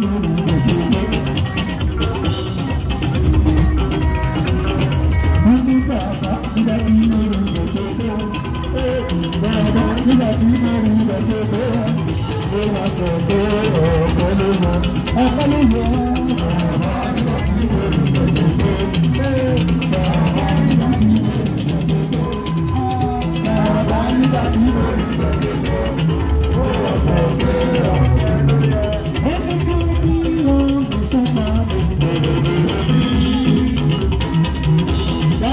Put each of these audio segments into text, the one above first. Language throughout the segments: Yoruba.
Thank you.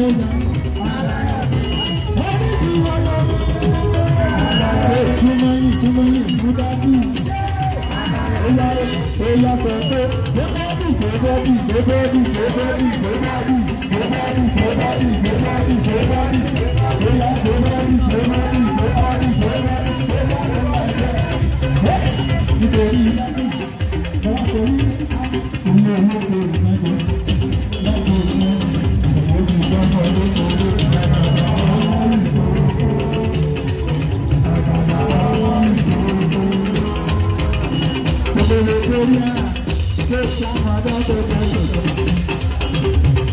Oya sọ pé gbẹ́bẹ́bì gbẹ́bẹ́bì gbẹ́bẹ́bì gbẹ́bẹ́bì gbẹ́bẹ́bì gbẹ́bẹ́bì gbẹ́bẹ́bì gbẹ́bẹ́bì gbẹ́bẹ́bì oya gbẹ́bẹ́bì gbẹ́bẹ́bì gbẹ́bẹ́bì gbẹ́bẹ́bì gbẹ́bẹ́bì. Nítorí wọ́n sọ wí, ìyẹn ló pe Nigeria, just some other person.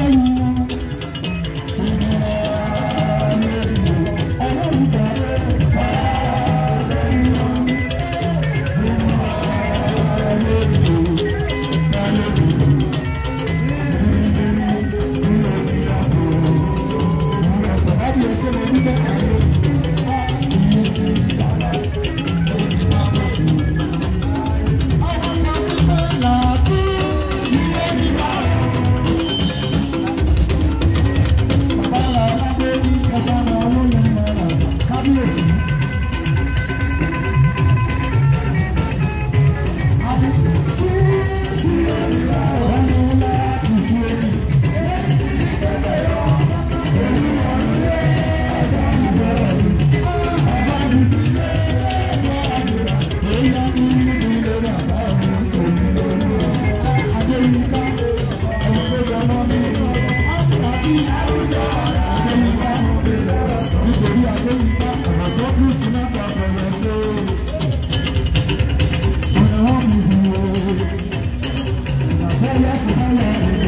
Tchau. yeah, yeah, yeah.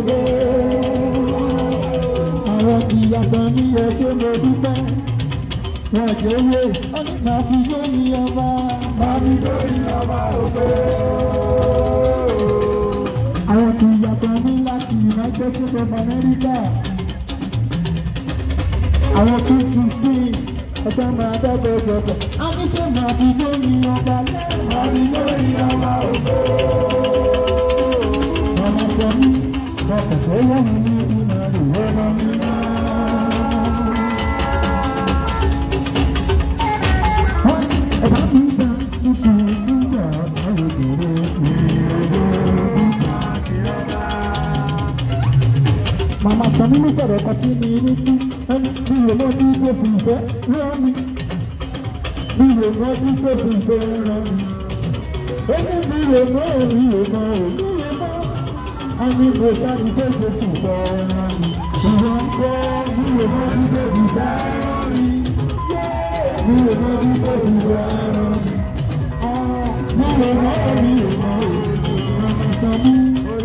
òde. Àwọn ti yàtọ̀ ní ẹṣẹ́ mo dúpẹ́. Wọ́n jẹ́ oyè, màá fi lórí ọba. Màá fi lórí ọba òde. Àwọn ti yàtọ̀ ní láti United States of America. Àwọn tún sì sí ọjọ́ máa dọ́gbọ̀ gbọ̀gbọ̀. Àmì ṣe màá fi lórí ọba lẹ́yìn. Màá fi lórí ọba òde. Màmá sọ mí. Mama sani mi sọ̀rọ̀ kan sí mi ní tí bí ìwé ní tó fi ìfẹ́ rán mi. Bí ìwé ní tó fi ìfẹ́ rán mi. Ó ní bí ìwé náà rí ìwé náà rí ẹni kò sẹ́ni tó ṣe sùn tọ́ ẹran mi. ìwọ ń gbọ́ mi ò mọ bí bèbí bá rí. mi ò mọ bí bèbí bá rán mi. mi ò mọ mi ò mọ òye sọ mí. mi ò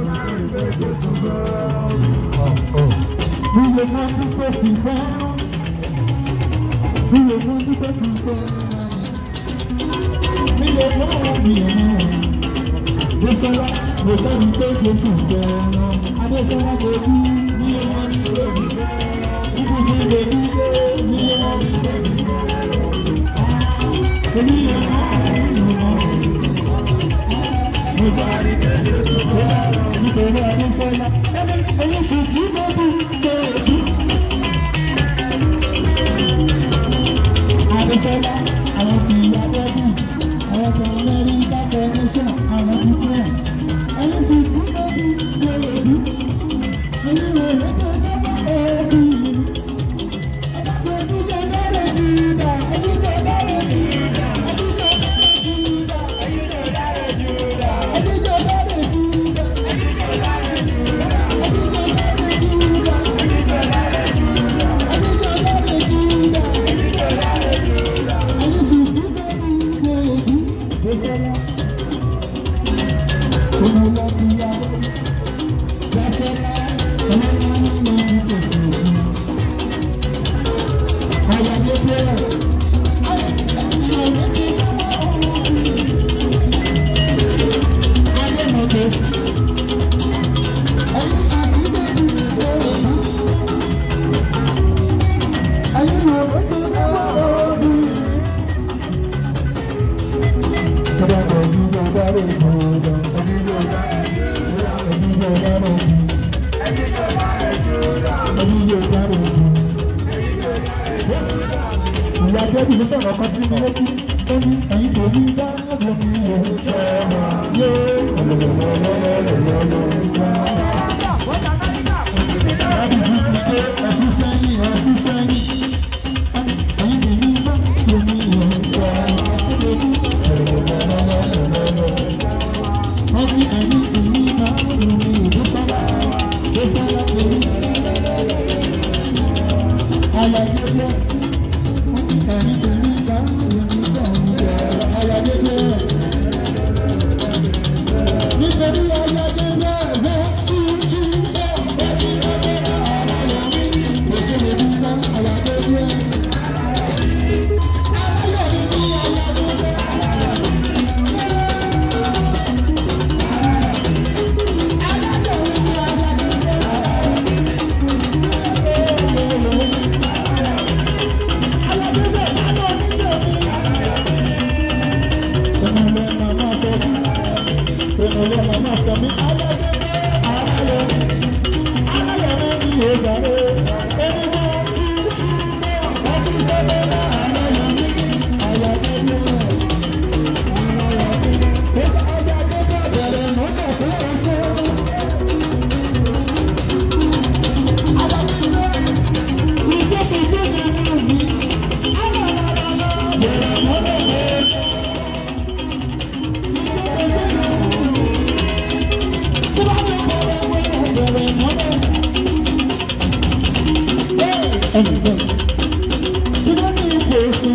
mọ bí bèbí bá rán mo fẹ́ mi pé jésù fẹ́ràn adésọ́lá kò bí ní ọmọ ní lórí ibi tí lè bí dé ní ọmọ ní lórí èmi yẹn máa ń mọ mo jáde pé jésù fẹ́ràn nítorí adésọ́lá ẹni èyí sì ti bẹ́ẹ̀ bí tó. Спасибо. ìyá débi ló sọ̀rọ̀ kan sí mi létí ó ní ẹ̀yìn tó ní dáàbò bí mo ń ṣe ọmọ yé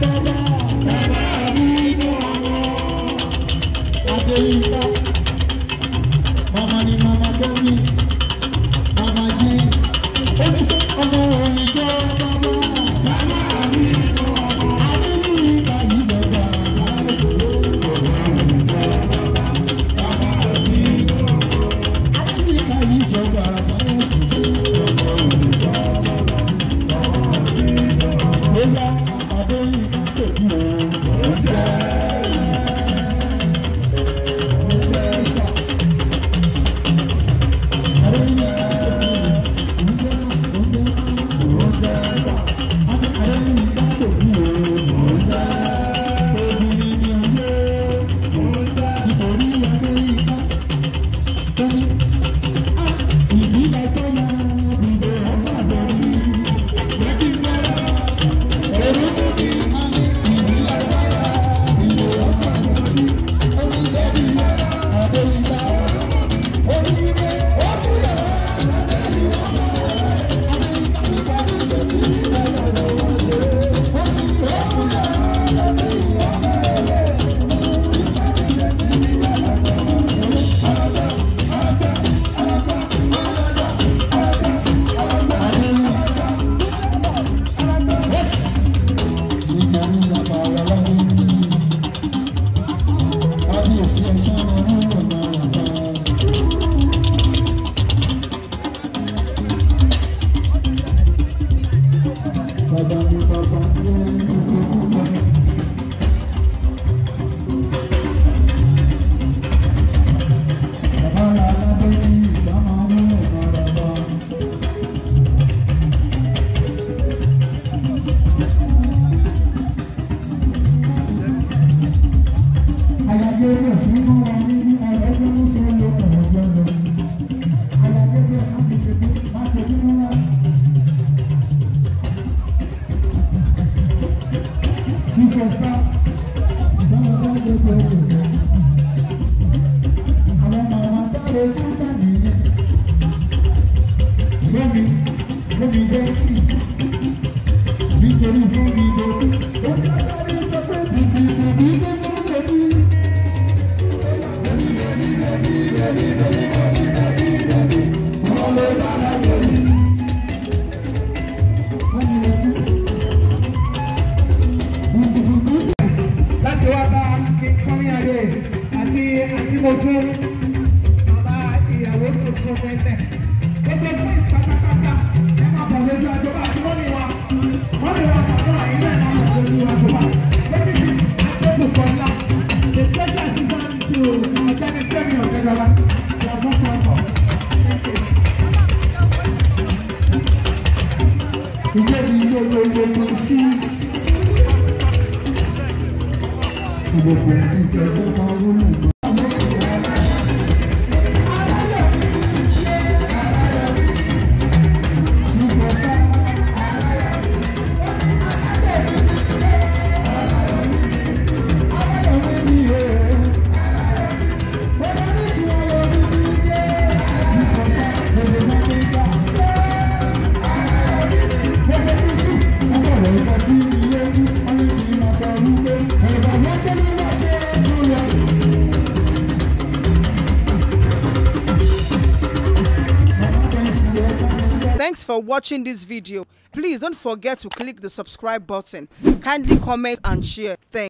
Bye. Thank you. àti mo fún bàbá ìyàwó tuntun mi nẹ̀. Gbogbo boys pátápátá ẹ máa bọ̀ lójú àjọba àti mọ́nì wa. Mọ́nì àyín náà máa bọ̀ lójú àjọba. Lórí mi, àtẹ̀kù kọ́lá. The special season to Ọ̀gbẹ́ni Fẹ́mi Ọ̀gẹ́dọ́lá. Ìyàwó fún ọkọ̀. Ìjẹ́ mi yóò lo ìwé six. Ìwé six ẹ̀ṣọ́ watching this video. Please don't forget to click the subscribe button. Kindly comment and share. Thanks.